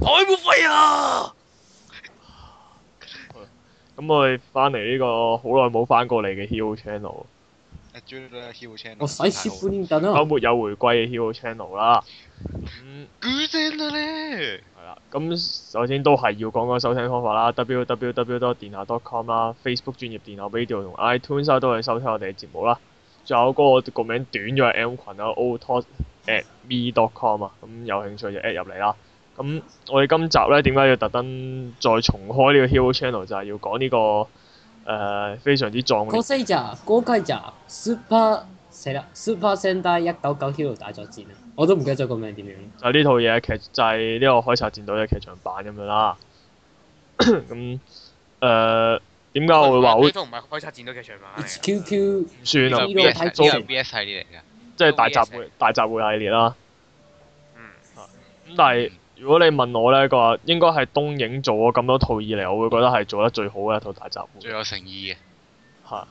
I 嗯、我唔好飛啊！咁我哋翻嚟呢個好耐冇翻過嚟嘅 Hero Channel，我使師傅認啊！久沒有回歸嘅 Hero Channel 啦。係啦、啊。咁首先都係要講講收聽方法啦。www. denka .com 啦，Facebook 專頁 denka video 同 iTunes、啊、都係收聽我哋嘅節目啦。仲有、那個、那個名短咗係 m 群啦 o l t o s s m e c o m 啊。咁有興趣就 add 入嚟啦。咁我哋今集咧，點解要特登再重開呢個 Hero Channel？就係要講呢個誒非常之壯嘅 g o d z i Super 死啦199 Hero 大作戰，我都唔記得咗個名點樣。就呢套嘢劇就係呢個《海賊戰隊》嘅劇場版咁樣啦。咁誒點解會話？呢套唔係《海賊戰隊》劇場版。Q Q 唔算啊！呢個睇 VS 系列嚟嘅，即係大集會、大集會系列啦。嗯。咁但係。如果你問我呢個應該係東影做咗咁多套以嚟，我會覺得係做得最好嘅一套大雜燴，最有誠意嘅，係，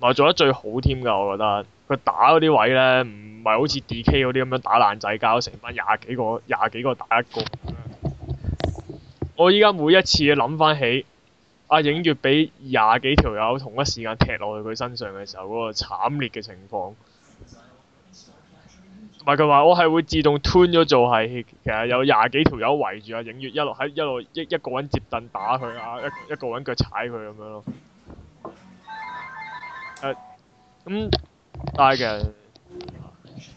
咪做得最好添㗎？我覺得佢打嗰啲位呢，唔係好似 D.K. 嗰啲咁樣打爛仔交，成班廿幾個廿幾個打一個。我依家每一次諗翻起，阿影月俾廿幾條友同一時間踢落去佢身上嘅時候，嗰個慘烈嘅情況。話佢話我係會自動吞咗做係，其實有廿幾條友圍住阿影月，一路喺一路一一個揾接凳打佢啊，一一個揾腳踩佢咁樣咯。誒、呃，咁、嗯、但係，咁、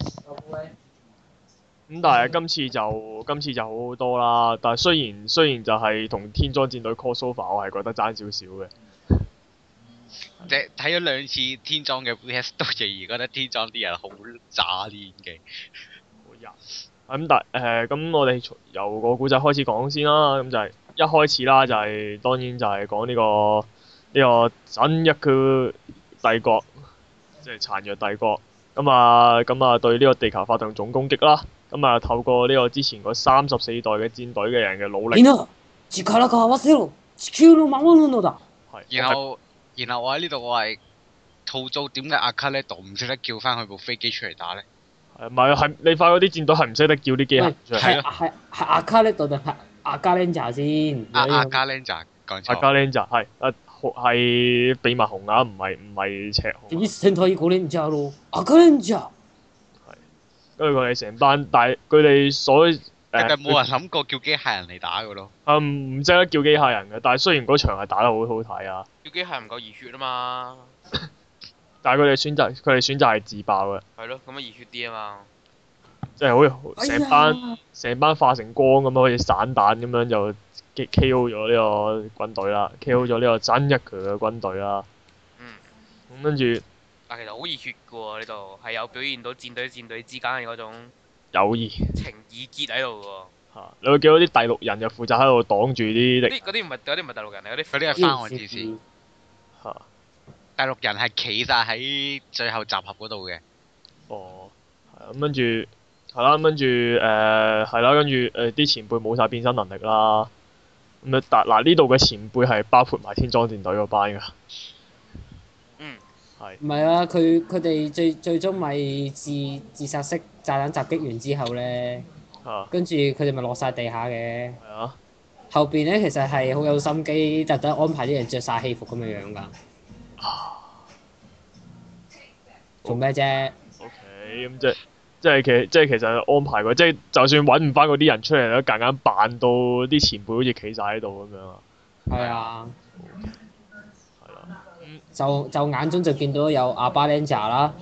嗯、但係今次就今次就好好多啦。但係雖然雖然就係同天裝戰隊 crossover 我係覺得爭少少嘅。睇咗兩次天《天葬嘅 V.S. 都仍然覺得天《天葬啲人好渣啲嘅。冇人。咁但誒，咁、呃、我哋由個故仔開始講先啦。咁就係一開始啦，就係、是、當然就係講呢、這個呢、這個新一個帝國，即殘弱帝國。咁、嗯、啊，咁、嗯、啊、嗯嗯嗯嗯嗯嗯，對呢個地球發動總攻擊啦。咁、嗯、啊、嗯嗯，透過呢個之前嗰三十四代嘅戰隊嘅人嘅努力。然後。然後我喺呢度，我係吐槽點解？阿卡列度，唔識得叫翻佢部飛機出嚟打咧。係咪係？你發嗰啲戰隊係唔識得叫啲機器？係係係阿卡列度就係阿加蘭扎先？阿阿加蘭扎講錯。阿加蘭扎係係秘密紅眼、啊，唔係唔係赤紅、啊。跟住佢哋成班但係，佢哋所。但係冇人諗過叫機械人嚟打噶咯。啊唔唔識得叫機械人嘅，但係雖然嗰場係打得好好睇啊。叫機械人唔夠熱血啊嘛！ 但係佢哋選擇，佢哋選擇係自爆嘅。係咯，咁樣熱血啲啊嘛！即係好似成班成、哎、呀班化成光咁樣，好似散彈咁樣就 K K O 咗呢個軍隊啦，K O 咗呢個真一拳嘅軍隊啦。嗯。咁跟住，但其實好熱血噶喎呢度，係有表現到戰隊戰隊之間嘅嗰種。友誼情意結喺度喎。你會見到啲大陸人就負責喺度擋住啲敵啲嗰啲，唔係啲唔係大陸人嚟，啲嗰啲係翻漢戰先。嚇。大陸人係企晒喺最後集合嗰度嘅哦。咁跟住係啦，咁跟住誒係啦，跟住誒啲前輩冇晒變身能力啦。咁、嗯、啊，但嗱呢度嘅前輩係包括埋天裝戰隊個班㗎。唔係啊，佢佢哋最最終咪自自殺式炸彈襲擊完之後咧，啊、跟住佢哋咪落晒地下嘅。啊、後邊咧其實係好有心機，特登安排啲人着晒戲服咁嘅樣噶。做咩啫？O K，咁即係，即係，其即係，其實特特安排個，即係就算揾唔翻嗰啲人出嚟都夾硬扮到啲前輩好似企晒喺度咁樣啊。係啊。就就眼中就見到有阿巴領紮啦，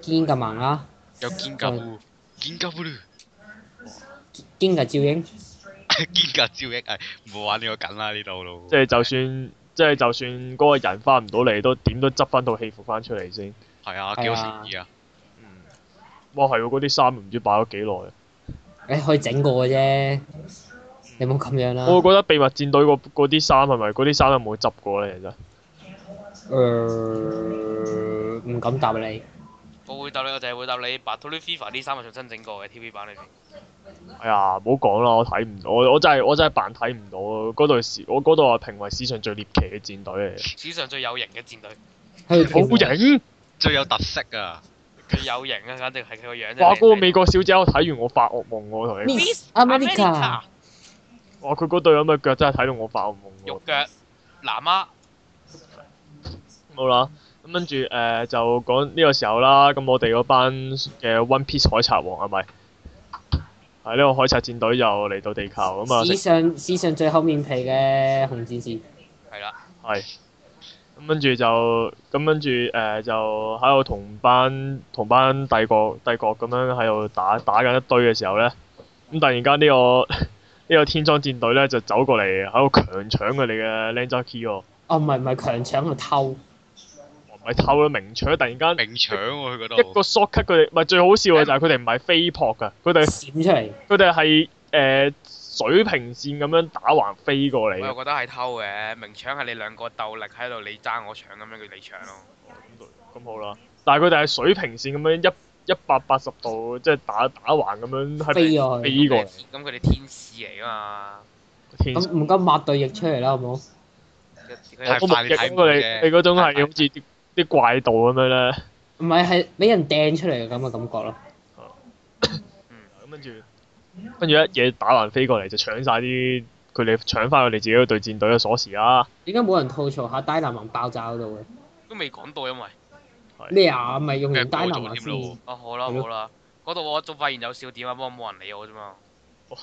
堅格盲啦，有堅格，堅格嗰啲，堅格照應，堅格照應，唉，唔好玩呢個梗啦，呢度咯。即係就算，即係、啊、就算嗰、啊、個人翻唔到嚟，都點都執翻套戲服翻出嚟先。係啊，幾有意義啊！嗯，哇，係喎，嗰啲衫唔知擺咗幾耐。啊，誒、啊欸，可以整過嘅啫，你冇咁樣啦、啊。我覺得秘密戰隊嗰啲衫係咪嗰啲衫有冇執過咧？其實。誒唔、uh, 敢答你。我會答你，我就係會答你，白 Trophy Fever 呢三個重新整過嘅 TV 版裏面。哎呀，唔好講啦，我睇唔到。我真係我真係扮睇唔到啊！嗰隊史，我嗰隊話評為史上最獵奇嘅戰隊。史上最有型嘅戰隊。係是。好型。最有特色啊！佢有型啊，肯定係佢個樣。 哇！嗰、那個、美國小姐，我睇完我發噩夢喎，同你。Miss America。哇！佢嗰對咁嘅腳真係睇到我發噩夢喎。肉腳，南媽。冇啦，咁跟住誒就講呢個時候啦。咁我哋嗰班嘅 One Piece 海賊王係咪係呢個海賊戰隊又嚟到地球啊嘛？史上史上最厚面皮嘅紅戰士係啦，係咁、呃、跟住就咁跟住誒就喺度同班同班帝國帝國咁樣喺度打打緊一堆嘅時候咧，咁突然間呢、呢個呢 個天裝戰隊咧就走過嚟喺度強搶佢哋嘅靚仔 key 哦，唔係唔係強搶，喺度偷。咪偷咯，明搶突然間明搶喎、啊！佢嗰度一個 shortcut 佢哋，咪最好笑嘅就係佢哋唔係飛撲㗎，佢哋閃出嚟，佢哋係誒水平線咁樣打橫飛過嚟。我又覺得係偷嘅，明搶係你兩個鬥力喺度，你爭我搶咁、哦、樣，佢哋搶咯。咁好啦，但係佢哋係水平線咁樣一一百八十度，即、就、係、是、打打橫咁樣飛飛過嚟。咁佢哋天使嚟㗎嘛？咁唔該抹對翼出嚟啦，好唔好？好抹翼過嚟，你嗰種係好似。啲怪道咁樣咧，唔係係俾人掟出嚟嘅咁嘅感覺咯。啊、 嗯，咁跟住，跟住一嘢打橫飛過嚟就搶晒啲佢哋搶翻佢哋自己對戰隊嘅鎖匙啊！點解冇人吐槽下低難民爆炸嗰度嘅？都未講到，因為咩啊？咪用人難民添咯？啊好啦好啦，嗰度了我仲發現有笑點啊，不過冇人理我啫嘛。哇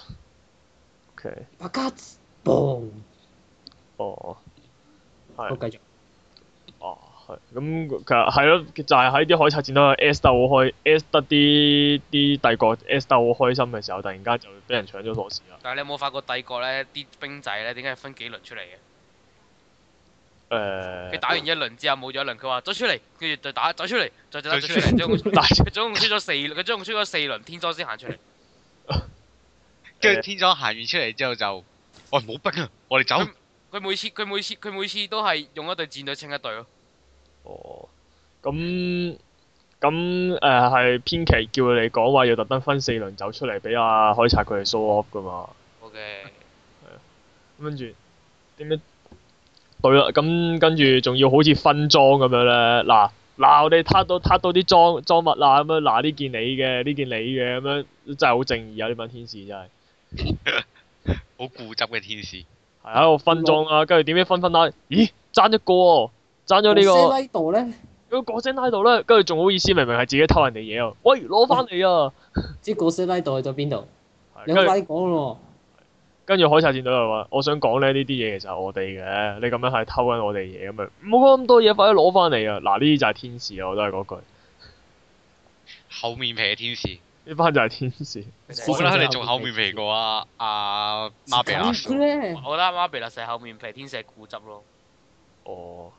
，OK，巴哦，好、okay. 噗 oh. 繼續。咁其實係咯，就係喺啲海賊戰鬥，S 得好開，S 得啲啲帝國 S 得好開心嘅時候，突然間就俾人搶咗鎖匙啦。但係你有冇發覺帝國咧啲兵仔咧，點解分幾輪出嚟嘅？誒，佢打完一輪之後冇咗一輪，佢話走出嚟，跟住就打走出嚟，再再走出嚟，總共總共出咗四，佢總共出咗四輪天災先行出嚟。跟住天災行完出嚟之後就，喂冇兵啊，我哋走。佢每次佢每次佢每次都係用一隊戰隊清一隊咯。哦，咁咁誒，係編、呃、期叫佢哋講話要特登分四輪走出嚟俾阿海賊佢哋 show off 噶嘛？O K，係啊，Okay. 嗯、跟住點樣？對啦，咁、嗯、跟住仲要好似分贓咁樣咧。嗱嗱，我哋撻到撻到啲贓贓物啦，咁樣嗱呢件你嘅，呢件你嘅，咁樣真係好正義啊！呢班天使真係，好固執嘅天使。係喺度分贓啊！跟住點樣分分啊？咦，爭一個。哦爭咗呢個？古色拉度咧，個古色拉度咧，跟住仲好意思，明明係自己偷人哋嘢啊！喂，攞翻嚟啊！嗯、知古色拉度去咗邊度？有鬼講咯！跟住 海賊戰隊又話：我想講咧，呢啲嘢其實係我哋嘅，你咁樣係偷緊我哋嘢咁啊！唔好講咁多嘢，快啲攞翻嚟啊！嗱，呢啲就係天使啊！我都係嗰句厚面皮嘅天使，呢 班就係天使。好啦，你仲厚面皮過啊，阿馬比拉？我覺得阿、啊啊啊、馬比拉成日厚面皮，天使固執咯。哦。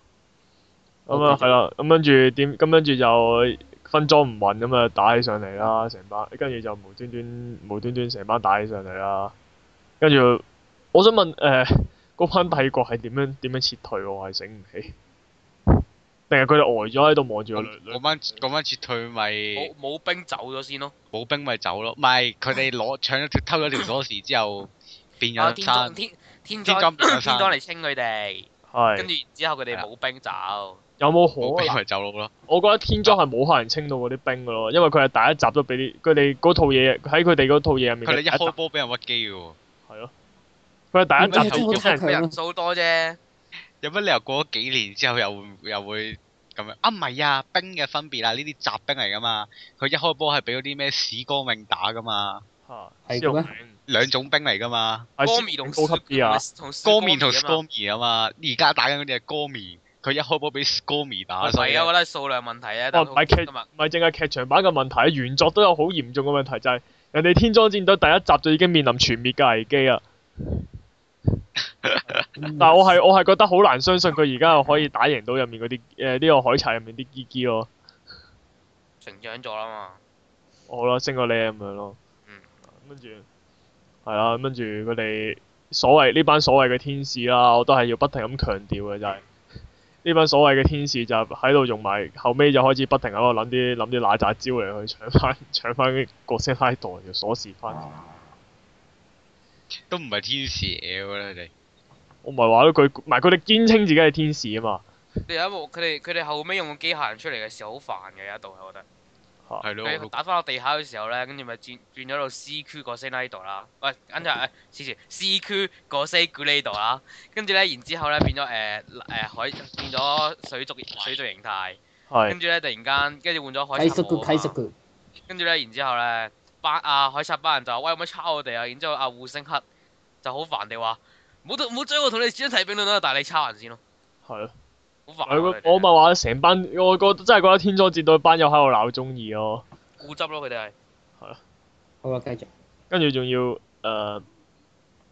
咁啊，係啦，咁跟住點？咁跟住就分裝唔穩，咁啊打起上嚟啦，成班跟住就無端端無端端成班打起上嚟啦。跟住，我想問誒，嗰班帝國係點樣點樣撤退？我係醒唔起，定係佢哋呆咗喺度望住兩兩班兩班撤退咪？冇兵走咗先咯。冇兵咪走咯，唔係佢哋攞搶咗偷咗條鎖匙之後變咗天將天天將天將嚟清佢哋。係。跟住之後佢哋冇兵走。有冇可能走路咯？我覺得天裝係冇可能清到嗰啲兵噶咯，因為佢係第一集都俾啲佢哋嗰套嘢喺佢哋嗰套嘢入面。佢哋一開波俾人屈機噶喎。係咯。佢係第一集俾人，人數多啫。有乜理由過咗幾年之後又會又會咁樣？啊唔係啊，兵嘅分別啊。呢啲雜兵嚟噶嘛。佢一開波係俾嗰啲咩史歌明打噶嘛。嚇、啊。係兩種兵嚟噶嘛。歌迷同高級兵啊。歌迷同史歌明啊明嘛。而家打緊嗰啲係歌迷。佢一開波俾 Scomi o 打，唔係以我覺得係數量問題很啊。唔係劇唔係淨係劇場版嘅問題啊，原作都有好嚴重嘅問題，就係、是、人哋天裝戰隊第一集就已經面臨全滅嘅危機啊、 嗯。但係我係我係覺得好難相信佢而家又可以打贏到入面嗰啲誒呢個海賊入面啲 Gigi 咯。成長咗啦嘛。好啦，升個 level 咁樣咯。嗯、跟住係啦，跟住佢哋所謂呢班所謂嘅天使啦，我都係要不停咁強調嘅，就係。呢班所謂嘅天使就喺度用埋，後尾就開始不停喺度諗啲諗啲奶砸招嚟去搶翻搶翻個色拉袋，鎖匙翻。都唔係天使嘅、啊、啦，你。我唔係話佢唔係佢哋堅稱自己係天使啊嘛。你有一部，佢哋佢哋後尾用個機械人出嚟嘅時候，好煩嘅有一度，我覺得。係咯， 打翻落地下嘅時候咧，跟住咪轉轉咗到 C 區嗰 s i n g l 度啦，哎哎哎哎啊。喂，跟住誒，之前 C 區嗰 s i n g l 度啦，跟住咧，然之後咧變咗誒誒海變咗水族水族形態，跟住咧突然間跟住換咗海。開跟住咧，然之後咧，班阿海賊班人就喂，有冇抄我哋啊？然之後阿、啊、互星克就好煩地話，唔好唔好追我，同你一齊兵都得，但係你抄人先咯。哦。係咯。 嗯、你們 我咪話成班，我覺真係覺得天災戰隊班友喺度鬧中意咯。固執咯，佢哋係。係咯。好啦繼續。跟住仲要誒、呃，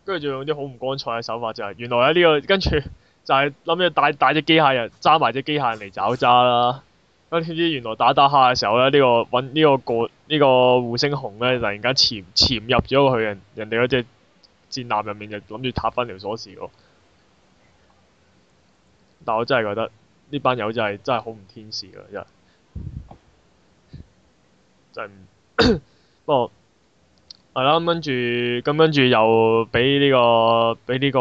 跟住仲用啲好唔光彩嘅手法就係、是，原來咧、這、呢個跟住就係諗住帶帶隻機械人揸埋隻機械人嚟找揸啦。跟住知原來打打下嘅時候咧，呢個搵呢個過呢個護星紅咧，突然間潛潛入咗去人人哋嗰隻戰艦入面就，就諗住撻返條鎖匙個。但我真係覺得呢班友、就是、真係真係好唔天使噶，真係。真不過係啦，跟住咁跟住又畀呢個畀呢個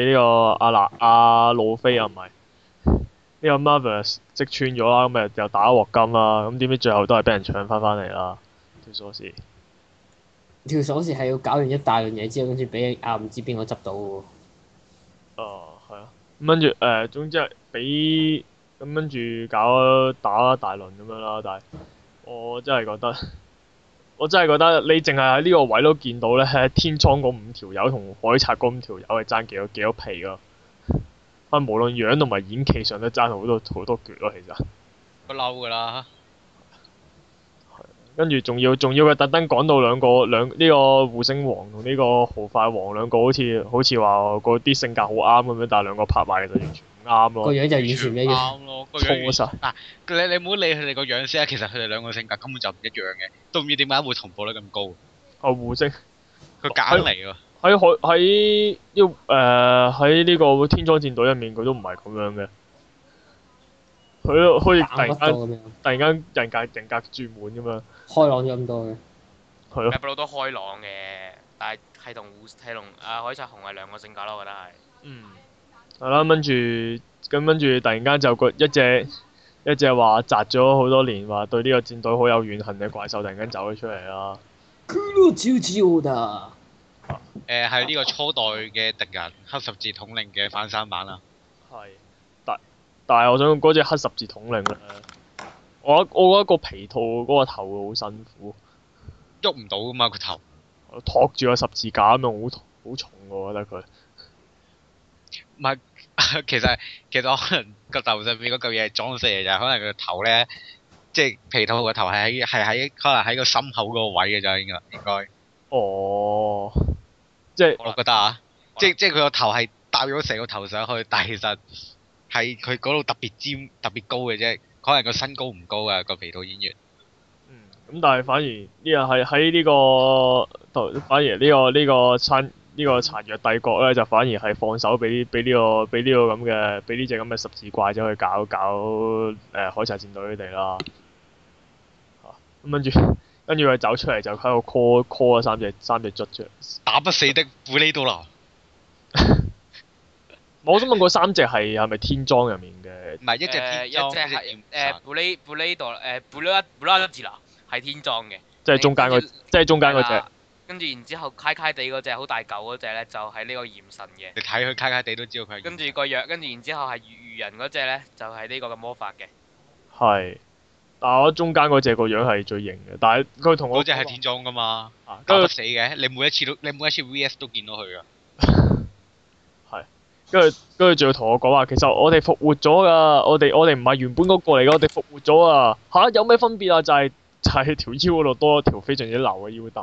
畀呢個阿娜阿路飛啊，唔係呢個馬布斯即穿咗啦，咁咪又打鑊金啦、啊，咁點知最後都係畀人搶翻返嚟啦？條鎖匙條鎖匙係要搞完一大樣嘢之後，跟住畀阿唔知邊個執到嘅喎。哦。Uh, 咁跟住誒，總之係畀咁跟住搞打大輪咁樣啦，但係我真係覺得，我真係覺得你淨係喺呢個位都見到咧，喺天窗嗰五條友同海賊嗰五條友係爭幾多幾多皮㗎？啊，無論樣同埋演技上都爭好多好多橛咯、啊，其實不嬲㗎啦～跟住仲要仲要佢特登講到兩個兩呢個護、這個、星王同呢個豪快王兩個好似好似話嗰啲性格好啱咁樣，但係兩個拍埋就完全唔啱咯，個樣就完全唔啱咯，錯嗱、啊、你你唔好理佢哋個樣先啊，其實佢哋兩個性格根本就唔一樣嘅，都唔知點解會同步得咁高？啊，護星佢假嚟喎，喺海喺呢誒喺呢個天災戰隊入面佢都唔係咁樣嘅，佢可以突然間突然間人格人格，人格轉換咁樣。開朗咗咁多嘅，係咯，咪布魯都開朗嘅，但係係同烏係同啊海賊雄係兩個性格咯，我覺得係。嗯。係啦，跟住咁跟住，突然間就一隻一隻話宅咗好多年，話對呢個戰隊好有怨恨嘅怪獸，突然間走咗出嚟啦。佢都招招㗎。誒、呃，係呢個初代嘅敵人黑十字統領嘅翻生版啦。係。但但係，我想講嗰隻黑十字統領我我覺得個皮套嗰個頭好辛苦，喐唔到噶嘛個頭，托住個十字架咁樣，好好重我覺得佢。唔係，其實其實可能個頭上邊嗰嚿嘢係裝飾嚟，就可能佢個頭咧，即係皮套個頭係喺係喺可能喺個心口嗰個位嘅咋應該。哦，即係我覺得啊，即係即係佢個頭係搭咗成個頭上去，但其實係佢嗰度特別尖，特別高嘅啫。可能個身高唔高啊，個皮套演員。嗯，咁但係反而呢個喺喺呢個，反而呢、呢個呢、呢個殘呢、呢個殘弱帝國咧，就反而係放手俾俾呢個俾呢個咁嘅俾呢隻咁嘅十字怪咗去搞搞誒、呃、海賊戰隊佢哋啦。咁、啊、跟住跟住佢走出嚟就喺度 call call 三隻三隻卒出嚟。打不死的布呢度拿。 我想問個三隻係，係咪天裝入面嘅？唔係一隻天裝一隻係誒布雷布雷多誒布魯布魯阿德哲拿係天裝嘅，即係中間嗰即係中間嗰隻。跟住然之後，揩揩地嗰隻好大嚿嗰隻咧，就係呢個炎神嘅。你睇佢揩揩地都知道佢。跟住個樣，跟住然之後係魚人嗰隻咧，就係呢個咁魔法嘅。係，但係我覺得中間嗰隻個樣係最型嘅，但係佢同我。嗰隻係天裝噶嘛？嚇！咁死嘅，你每一次都你每一次 VS 都見到佢噶。跟住，跟住仲要同我講話，其實我哋復活咗噶，我哋我哋唔係原本嗰、那個嚟噶，我哋復活咗啊！吓，有咩分別啊？就係、是、就係、是、條腰嗰度多咗條非常之流嘅腰帶。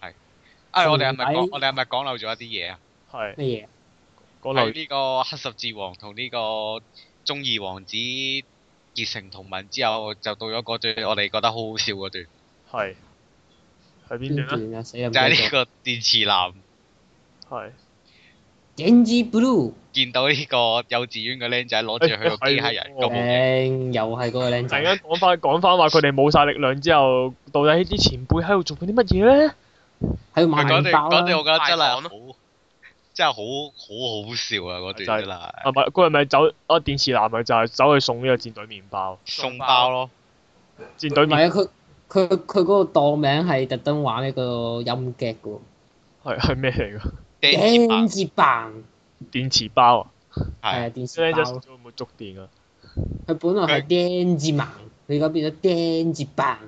係，啊、哎、我哋係咪講我哋係咪講漏咗一啲嘢啊？係。咩嘢？講漏呢個黑十字王同呢個中二王子結成同盟之後，就到咗嗰段我哋覺得好好笑嗰段。係。喺邊段啊？就係呢個電池男。係。Angie Blue 見到呢個幼稚園嘅僆仔攞住佢個機械人咁、哎、又係個僆仔。突然間講翻講翻話，佢哋冇晒力量之後，到底啲前輩喺度做緊啲乜嘢咧？喺度講講，我覺得真係好真係好好好笑啊！嗰段真係啊，咪嗰人咪走啊！電視男咪就係、是、走去送呢個戰隊麵包，送包咯。戰隊唔係啊！佢佢佢嗰個檔名係特登玩呢個音劇噶喎。係，係咩嚟㗎？電接棒，電池包啊，係啊電冇觸電啊？佢本來係電接棒，佢而家變咗電接棒。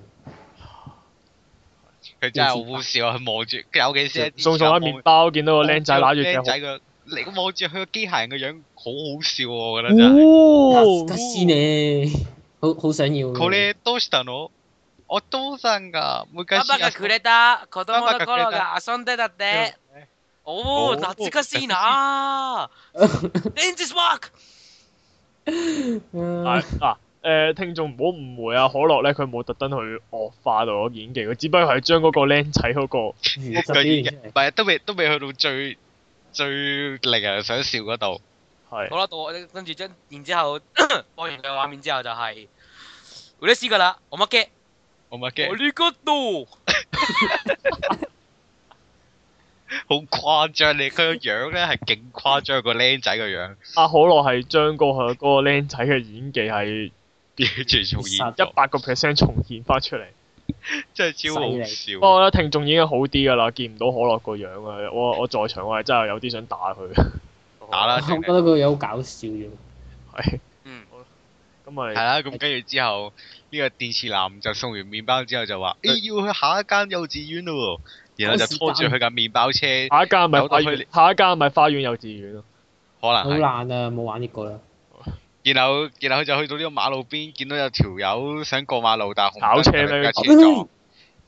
佢真係好好笑啊！佢望住，跟住有幾聲送上一麵包，見到個僆仔拿住。僆仔個，你望住佢個機械人嘅樣，好好笑啊！我覺得真係、哦。哦。拉斯加好好想要。Kole d 我。爸爸給了我。爸爸給了我。爸我。爸我。爸爸給了我。爸 哦，那即刻先啊！Dance is work。係嗱，誒，聽眾唔好誤會啊，可樂咧佢冇特登去惡化到我演技，佢只不過係將嗰個僆仔嗰個屋演技，唔係都未都未去到最最令人想笑嗰度。係。好啦，到跟住將然之後播完嘅畫面之後就係，我都知噶啦，我乜嘅，冇乜嘅。我呢個都。好誇張，你佢、 啊那個樣咧係勁誇張個僆仔個樣。阿可樂係將過去嗰個僆仔嘅演技係變做重演，一百個 percent 重現翻出嚟， 真係超好笑。害我覺得聽眾已經好啲噶啦，見唔到可樂個樣啊！我我在場我係真係有啲想打佢。 打啦！ 我覺得佢個樣好搞笑嘅。係。 嗯。咁咪 天。係啦， 咁跟住之後，呢 個電視男就送完麵包之後就話，哎、欸，要去下一間幼稚園咯。然後就拖住佢架麵包車，下一間係咪花園，下一間係咪花園幼稚園，可能好難啊！冇玩呢個啦。然後然後佢就去到呢個馬路邊，見到有條友想過馬路，但係紅綠燈嘅情況，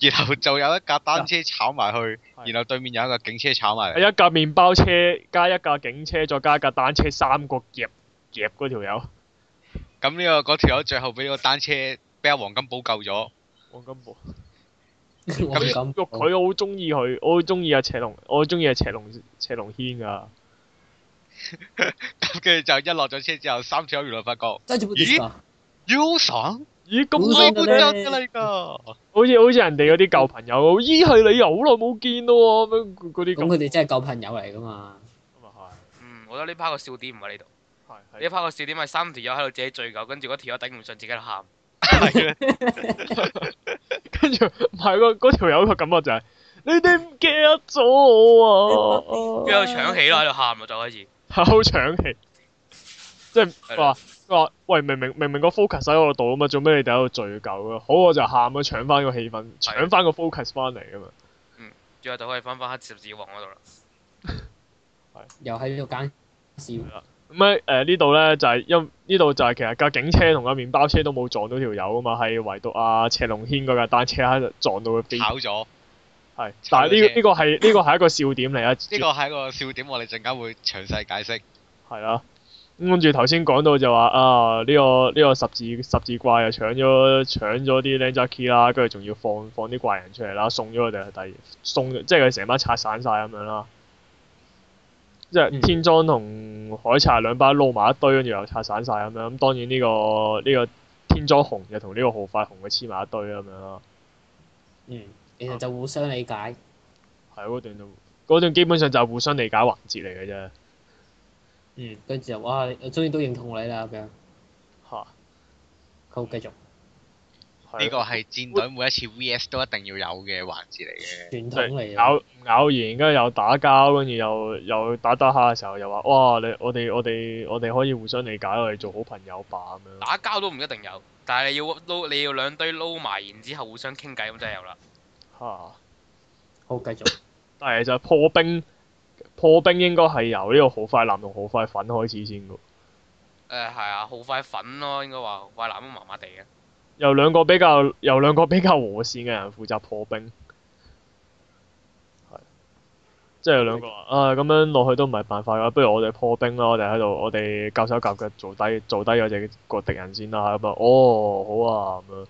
然後就有一架單車炒埋去，然後對面有一架警車炒埋嚟，一架是麵包車加一架警車,是架警車再加一架單車，三個夾夾嗰條友。咁呢個嗰條友最後俾個單車俾阿黃金寶救咗。黃金寶。咁佢好中意佢，我好中意阿邪龍，我好中意阿邪龍邪龍軒噶。咁跟住就一落咗車之後，三條友原來發覺咦，U 神咦，咁耐冇見嘅，你噶，好似好似人哋嗰啲舊朋友，咦，係你又好耐冇見啦喎，嗰啲咁，佢哋真係舊朋友嚟噶嘛？咁啊係，嗯，我覺得呢 part 個笑點唔係呢度，呢 part 個笑點係三條友喺度自己醉狗，跟住嗰條友頂唔順自己喺度喊。唔係嗰條友個、那個、感覺就係、是、你哋唔記得咗我啊，啊搶起！喺度搶戲咯，喺度喊咯，就開始。係好搶戲，即係話，話是的 喂，明明明，明明個 focus 喺我度啊嘛，做咩你哋喺度聚狗啊？好，我就喊咯，搶翻個氣氛，搶翻是的 個 focus 翻嚟啊嘛。嗯，之後就可以翻翻黑十字王嗰度啦。 又喺呢度揀笑。 咁咧、嗯呃、呢度咧就係、是、因呢度就係其實架警車同架麵包車都冇撞到條友啊嘛，係唯獨阿、啊、赤龍軒嗰架單車喺度撞到佢飛跑咗。係了，是但係呢呢個係呢、這個係、這個、一個笑點嚟啊！呢個係一個笑點，我哋陣間會詳細解釋。係啦、啊，跟住頭先講到就話啊，呢、這個呢、這個十字十字怪又搶咗搶咗啲靚仔 key 啦，跟住仲要放放啲怪人出嚟啦，送咗佢哋係第送即係佢成班拆散晒咁樣啦，即係天裝同。海茶兩把撈埋一堆，跟住又拆散晒。咁、嗯、樣。咁當然呢、呢個呢、呃呢個天裝紅就同呢個豪發紅嘅黐埋一堆咁樣咯。嗯，其實就互相理解。係喎，段都嗰段基本上就係互相理解環節嚟嘅啫。嗯，跟住啊，我終於都認同你啦咁樣。嚇哈！好，繼續。呢個係戰隊每一次 V.S 都一定要有嘅環節嚟嘅傳統嚟。咬咬完，跟住又打交，跟住又又打打下嘅時候，又話：哇！你我哋我哋我哋可以互相理解，我哋做好朋友吧咁樣。打交都唔一定有，但係要撈你要兩堆撈埋，然之後互相傾偈咁就係有啦。嚇哈！好，繼續。 但係就破冰，破冰應該係由呢個好快男同好快粉開始先噶。誒係啊，好快粉咯，應該話好快男都麻麻地嘅。由兩個比較由兩個比較和善嘅人負責破冰，係，即係兩個啊，咁樣落去都唔係辦法㗎，不如我哋破冰啦，我哋喺度我哋夾手夾腳，腳做低做低嗰隻個敵人先啦，咁啊哦好啊咁啊，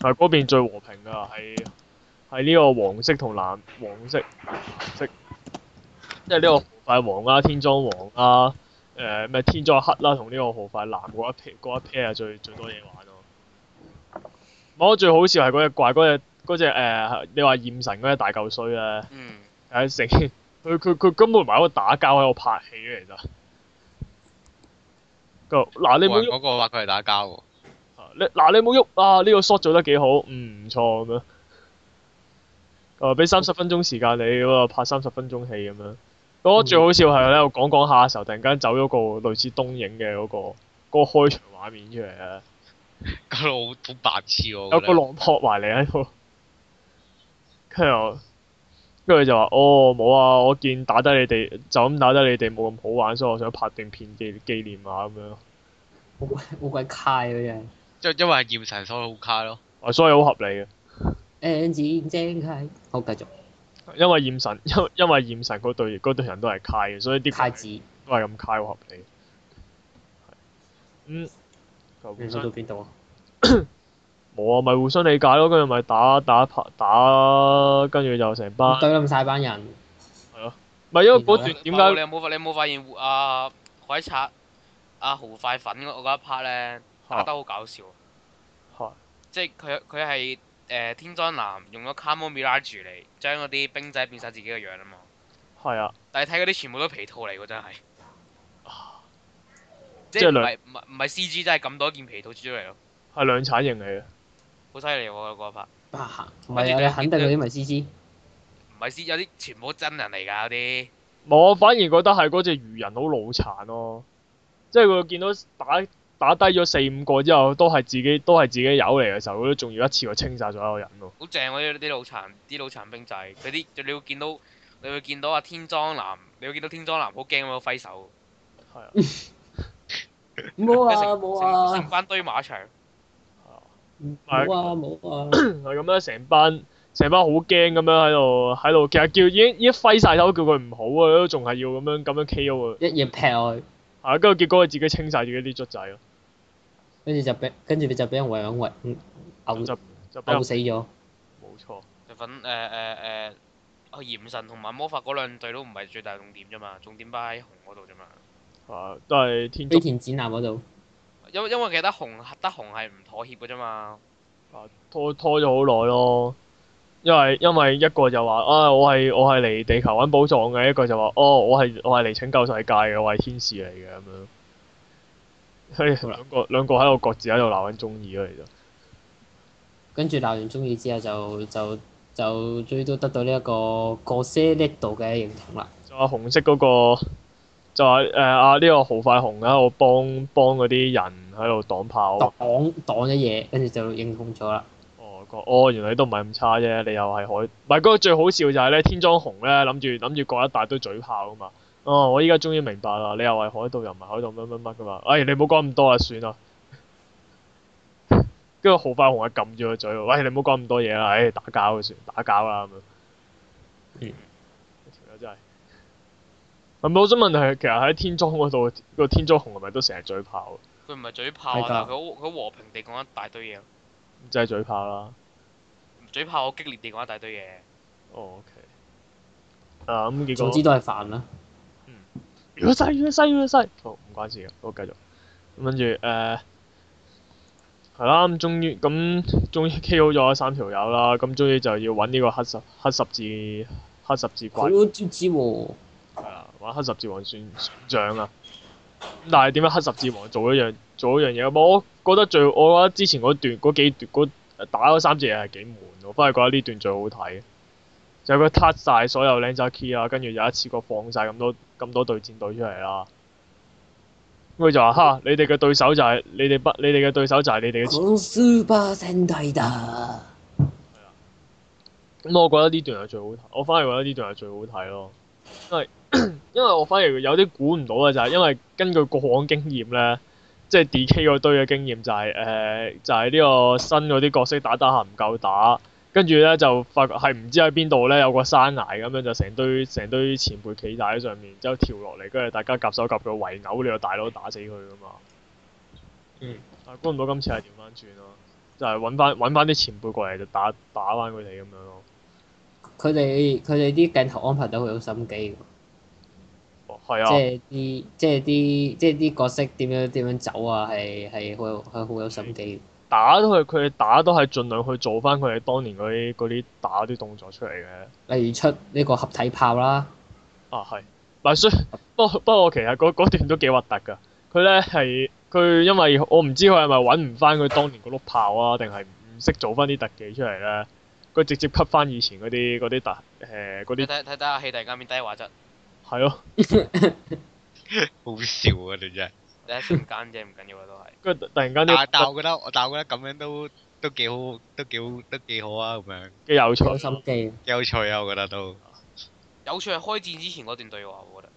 啊嗰邊最和平㗎，係係呢個黃色同藍黃色黃色，即係呢個快黃啊天裝黃啊。誒咩、呃、天災黑啦，同呢個豪快藍嗰一 pair 一 pair 啊，最最多嘢玩咯。我覺得最好笑係嗰隻怪，嗰隻嗰隻誒，你話厭神嗰隻大嚿衰咧、啊。嗯。成，佢佢佢根本唔係喺度打交，喺度拍戲嘅其實。個嗱你冇。喐，嗰個話佢係打交嗱你冇喐啊！呢個 shot 做得幾好，唔錯咁樣。誒、啊，畀三十分鐘時間你，我拍三十分鐘戲咁樣。最好笑係咧，我講講下嘅時候，突然間走咗個類似東影嘅嗰、嗰個嗰、嗰個開場畫面出嚟咧，搞到我好白痴我、啊、有個龍撲埋嚟喺度，跟住跟住就話：哦，冇啊，我見打得你哋，就咁打得你哋，冇咁好玩，所以我想拍定片紀紀念下咁樣。好鬼好鬼卡嘅啫，即係因為係《劍神》所以好卡咯，所以好合理嘅。And 戰、嗯、好繼續。因為艷神，因因為艷神嗰對嗰對人都係開嘅，所以啲子都係咁開合理。嗯，唔去到邊度啊？冇 啊，咪互相理解咯。跟住咪打打打，跟住就成班對咁晒班人。係咯、啊。咪因為嗰段點解你有冇你有冇發現啊海賊阿、啊、豪快粉？我嗰一 part 咧打得好搞笑。係哈。哈即係佢佢係。誒、呃、天裝男用咗《Camo Mirage》嚟將嗰啲兵仔變晒自己嘅樣啊嘛，係啊！但係睇嗰啲全部都皮套嚟喎，真係、啊、即係唔係唔係唔係 C G，真係咁多件皮套出咗嚟咯，係兩產型嚟嘅，好犀利喎我覺得。拍、那個，唔係你肯定嗰啲咪 C G，唔係 C G，有啲全部真人嚟㗎嗰啲，我反而覺得係嗰隻魚人好腦殘咯、啊，即係佢見到打。打低咗四五個之後，都係自己都係自己友嚟嘅時候，佢都仲要一次過清晒所有人咯。好正喎！啲啲腦殘，啲腦殘兵仔，啲你會見到，你會見到啊天裝男，你會見到天裝男好驚咁樣揮手。係啊。冇啊冇啊！成班堆馬場。係啊。冇啊冇啊！係咁樣，成班成班好驚咁樣喺度喺度，其實叫已經已經揮晒手叫佢唔好啊，都仲係要咁樣咁樣 K.O. 啊。一嘢劈落去。係，跟住結果佢自己清晒自己啲卒仔咯。跟住就俾，跟住就俾人喂攇圍，嘔就嘔死咗。冇、呃、錯，就、呃、粉。誒誒誒，啊、呃、炎神同埋魔法嗰兩隊都唔係最大重點啫嘛，重點擺喺紅嗰度啫嘛。啊，都係飛田展覽嗰度。因為因為記得紅，得紅係唔妥協嘅啫嘛。啊，拖拖咗好耐咯。因為因為一個就話啊，我係我係嚟地球揾寶藏嘅，一個就話哦，我係我係嚟拯救世界嘅，我係天使嚟嘅咁樣。係 兩個兩個喺度各自喺度鬧緊中意咯，其實。跟住鬧完中意之後就，就就就終於都得到呢一個嗰些力度嘅認同啦。就話紅色嗰、那個，就話誒、呃、啊呢、這個豪快紅喺度幫幫嗰啲人喺度擋炮擋。擋擋一嘢，跟住就認同咗啦。哦，那個哦，原來你都唔係咁差啫。你又係海，唔係嗰個最好笑就係咧，天裝紅咧諗住諗住過一大堆嘴炮啊嘛。哦，我依家終於明白啦！你又話海盜又唔係海盜乜乜乜噶嘛？哎，你唔好講咁多啊，算啦。跟 住豪快紅又撳住個嘴喎，喂，你唔好講咁多嘢啦，哎，打交就算，打交啦咁樣。條友真係。係咪我想問係其實喺天莊嗰度個天莊紅係咪都成日嘴炮？佢唔係嘴炮啊，佢好的和平地講一大堆嘢。真係嘴炮啦！嘴炮我激烈地講一大堆嘢。哦、oh,，OK。啊，咁、嗯、總之都係煩啦。好唔、喔、關事嘅，好繼續咁跟住誒係啦咁，終於咁終於 KO 咗三條友啦，咁終於就要揾呢個黑十黑十字黑十字關。好知知喎？係啊，玩黑十字王算算賬啊！但係點樣黑十字王做一樣做一樣嘢？我覺得最我覺得之前嗰段嗰幾段嗰打咗三隻嘢係幾悶，我反而覺得呢段最好睇，就係佢撻晒所有靚仔 key 啦，跟住有一次過放晒咁多。咁多對戰隊出嚟啦，咁佢就話：嚇，你哋嘅對手就係你哋不，你哋嘅對手就係你哋嘅戰隊。講書，咁我覺得呢段係最好睇，我反而覺得呢段係最好睇咯，因為 因為我反而有啲估唔到嘅就係、是，因為根據過往經驗咧，即、就、係、是、D.K. 嗰堆嘅經驗就係、是、誒、呃，就係、是、呢個新嗰啲角色打打下唔夠打。跟住咧就發覺係唔知喺邊度咧，有個山崖，咁樣就成堆成堆前輩企曬喺上面，之後跳落嚟，跟住大家夾手夾腳圍毆你個大佬，打死佢噶嘛。嗯。但係估唔到今次係調翻轉咯，就係揾翻揾翻啲前輩過嚟就打打翻佢哋咁樣咯。佢哋佢哋啲鏡頭安排得好有心機。係、哦、啊。即係啲即係啲即係啲角色點樣點樣走啊？係係好係好有心機。打都係佢哋打都係盡量去做翻佢哋當年嗰啲啲打啲動作出嚟嘅，例如出呢個合體炮啦。啊係，但係雖不過不過其實嗰段都幾核突㗎。佢咧係佢因為我唔知佢係咪揾唔翻佢當年嗰碌炮啊，定係唔識做翻啲特技出嚟咧？佢直接吸翻以前嗰啲啲特誒啲。睇睇睇下，起突然面低畫質。係、呃、咯，好笑啊，你真係。一陣間啫，唔緊要啊，都係。突然間，但係，但係我覺得，但係我覺得咁樣都都幾好，都幾好，都幾好啊！咁樣。有趣心機。有趣啊！我覺得都。有趣係開戰之前嗰段對話，我覺得。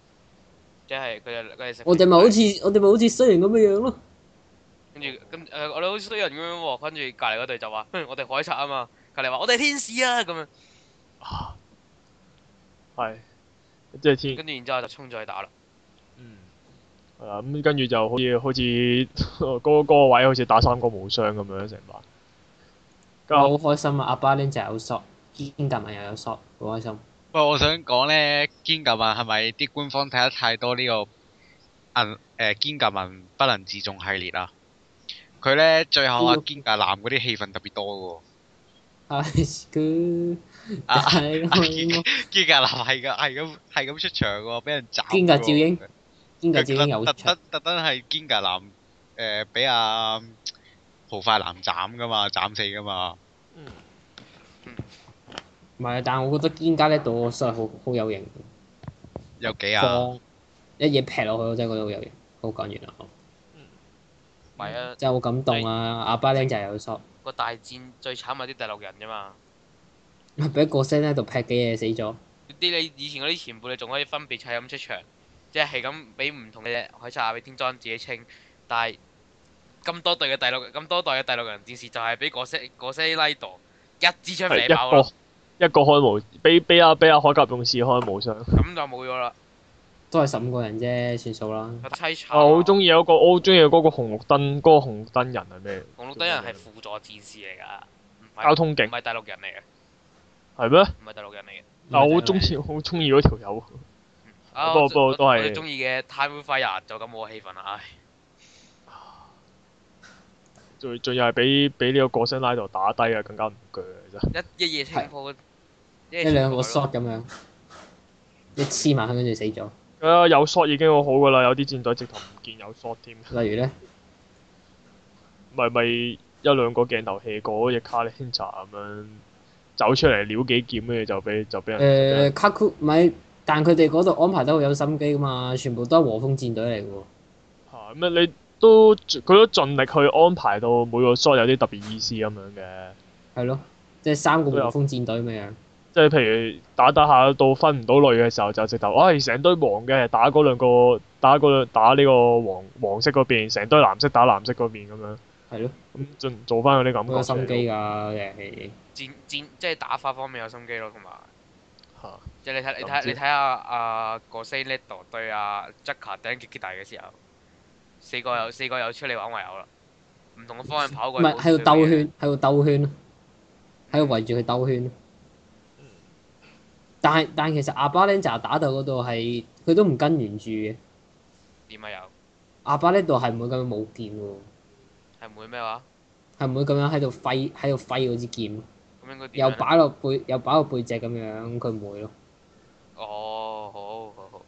即係佢哋佢哋成。我哋咪好似我哋咪好似衰人咁樣咯。跟住跟誒，我哋好似衰人咁樣喎。跟住隔籬嗰隊就話，我哋海賊啊嘛。隔籬話，我哋天使啊咁樣。啊。係。即係天。跟住然之後就衝咗去打啦。咁、嗯、跟住就好似好似嗰、那個位，好似打三個無傷咁樣成班。咁好開心啊！阿巴丁又有 shot，堅格文又有 shot，好開心。不過我想講咧，堅格文係咪啲官方睇得太多呢、呢個銀誒堅格文不能自重系列啊？佢咧最後啊，堅格男嗰啲戲份特別多喎。係佢、啊。啊堅格男係噶，係咁係咁出場喎，俾人斬。堅格趙英，有特特特登係堅格男，誒俾阿豪快男斬噶嘛，斬死噶嘛嗯。嗯。唔係啊，但係我覺得堅格呢度真係好好有型。有幾啊？一嘢劈落去，我真係覺得好有型。啊、好，講完啦。嗯。唔係啊了。真係好感動啊！阿巴僆仔有削。個大戰最慘係啲第六人啫嘛。俾個聲喺度劈幾嘢死咗。啲你以前嗰啲前輩，你仲可以分別砌咁出場。即係咁俾唔同嘅嘢，海賊啊，俾天裝自己清，但係咁多隊嘅第六，咁多隊嘅第六人戰士就係俾嗰些嗰些 leader 一招出嚟爆啦。一個一個開模，俾俾阿俾阿海賊勇士開模傷。咁就冇咗啦，都係十五個人啫，算數啦。我好中意有一個，我好中意嗰個紅綠燈，嗰個紅燈人係咩？紅綠燈人係輔助戰士嚟噶，交通警唔係第六人嚟嘅。係咩？唔係第六人嚟嘅。嗱，我好中意好中意嗰條友。不過不過都係我中意嘅 time 就咁冇氣氛啦，唉！仲仲要係俾俾呢個過身拉到打低啊，更加唔攰真。一一夜清波，一兩個 shot 咁樣，一黐埋佢跟住死咗。有 shot 已經好好噶啦，有啲戰隊直頭唔見有 shot 添。例如呢，咪咪一兩個鏡頭戲嗰日卡你輕炸咁樣走出嚟撩幾劍咩？就俾就俾人。但佢哋嗰度安排得好有心機㗎嘛，全部都係和風戰隊嚟嘅喎。咁你都佢都盡力去安排到每個梭有啲特別意思咁樣嘅。係咯，即係三個和風戰隊咁樣。即係譬如打打下到分唔到類嘅時候，就直頭，哎，成堆黃嘅打嗰兩個，打嗰兩個，打呢個黃黃色嗰邊，成堆藍色打藍色嗰邊咁樣。係咯。咁、嗯、做做翻啲咁嘅心機㗎，戰戰 okay. 即係打法方面有心機咯，同埋嚇。即係你睇，你睇，你睇下阿個 Say Leader 對阿 Zucker 第大嘅時候，四個有四個有出嚟玩圍毆啦，唔同嘅方向跑過去。唔係，喺度兜圈，喺度兜圈咯，喺度圍住佢兜圈咯。但係，但係其實阿巴 linker 打到嗰度係佢都唔跟原著嘅，點解有阿巴 linker 係唔會咁樣冇劍喎，係唔會咩話？係唔會咁樣喺度揮喺度揮嗰支劍，又擺落背又擺落背脊咁樣，佢唔會咯。哦，好，好，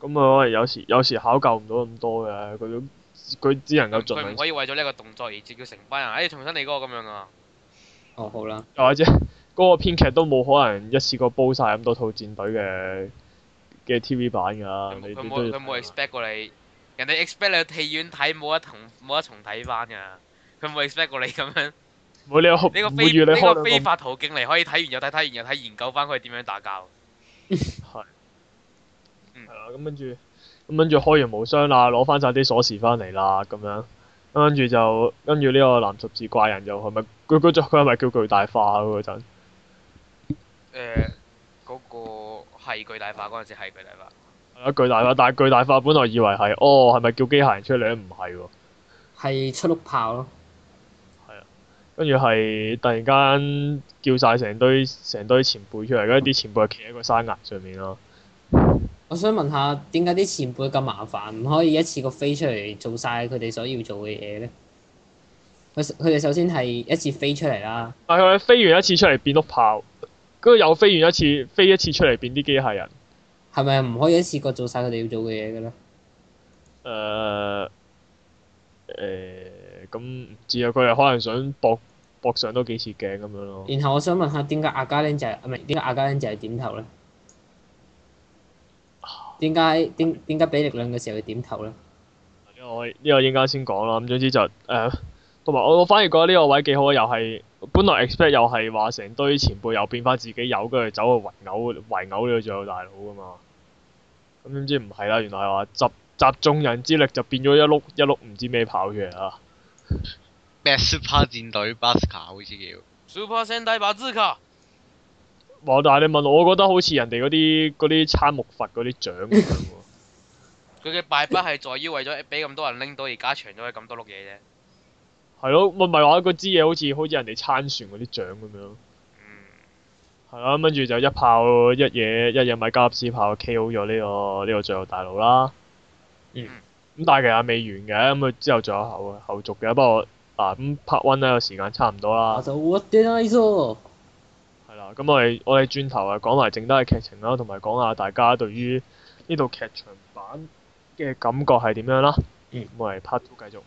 咁啊，有時有時考究唔到咁多嘅，佢佢只能夠盡量。佢唔可以為咗呢一個動作而直接成班人，哎，重新嚟嗰個咁樣啊。哦，好啦。或者嗰個編劇都冇可能一次過煲晒咁多套戰隊嘅嘅 TV 版噶。佢冇佢冇 expect 過你，人哋 expect 你去戲院睇，冇一同冇一重睇翻噶，佢冇 expect 過你咁樣。冇你有，你個非你個非法途徑嚟，可以睇完又睇，睇完又睇，研究翻佢點樣打交。係，係啦。 咁跟住，咁跟住開完無雙啦，攞翻晒啲鎖匙翻嚟啦，咁樣。咁跟住就，跟住呢個男十字怪人就係咪？佢嗰陣佢係咪叫巨大化嗰、啊、陣？誒、欸，嗰、嗰個係巨大化，嗰陣時係巨大化。係啊，巨大化。但係巨大化本來以為係，哦，係咪叫機械人出嚟？唔係喎。係出碌炮咯。跟住係突然間叫晒成堆成堆前輩出嚟，跟啲前輩係企喺個山崖上面咯。我想問下，點解啲前輩咁麻煩，唔可以一次過飛出嚟做晒佢哋所要做嘅嘢咧？佢佢哋首先係一次飛出嚟啦。但係佢飛完一次出嚟變碌炮，跟住又飛完一次飛一次出嚟變啲機械人，係咪唔可以一次過做晒佢哋要做嘅嘢嘅咧？誒誒、呃。呃咁只有佢哋可能想搏搏上多幾次鏡咁樣咯。然後我想問下，點解阿嘉玲就係唔係？點解阿嘉玲就係點頭咧？點解點點解俾力量嘅時候佢點頭咧？呢、啊啊、個呢個應該先講啦。咁總之就誒，同、呃、埋我我反而覺得呢個位幾好，又係本來 expect 又係話成堆前輩又變翻自己有，跟住走去圍毆圍毆呢個仲有大佬噶嘛。咁點知唔係啦？原來係話集集眾人之力就變咗一碌一碌唔知咩跑出嚟啊！Basker 戰隊 b a s k e 好似叫。Super 戰隊 b a 卡。k e 但係你問我，我覺得好似人哋嗰啲嗰啲參木佛嗰啲獎咁樣喎。佢嘅敗筆係在於為咗俾咁多人拎到而加長咗咁多碌嘢啫。係咯，我咪話個支嘢，好似好似人哋參船嗰啲獎咁樣。嗯。係啦，跟住就一炮一嘢一嘢，咪夾屎炮 K.O. 咗呢、這個呢、這個最後大佬啦。嗯。嗯咁但係其實未完嘅，咁佢之後仲有後後續嘅。不過嗱咁、啊、part one 咧，時間差唔多啦、啊。就終於完咗係啦，咁 我哋我哋轉頭啊，講埋剩低嘅劇情啦，同埋講下大家對於呢套劇場版嘅感覺係點樣啦。嗯，我哋 part two 繼續。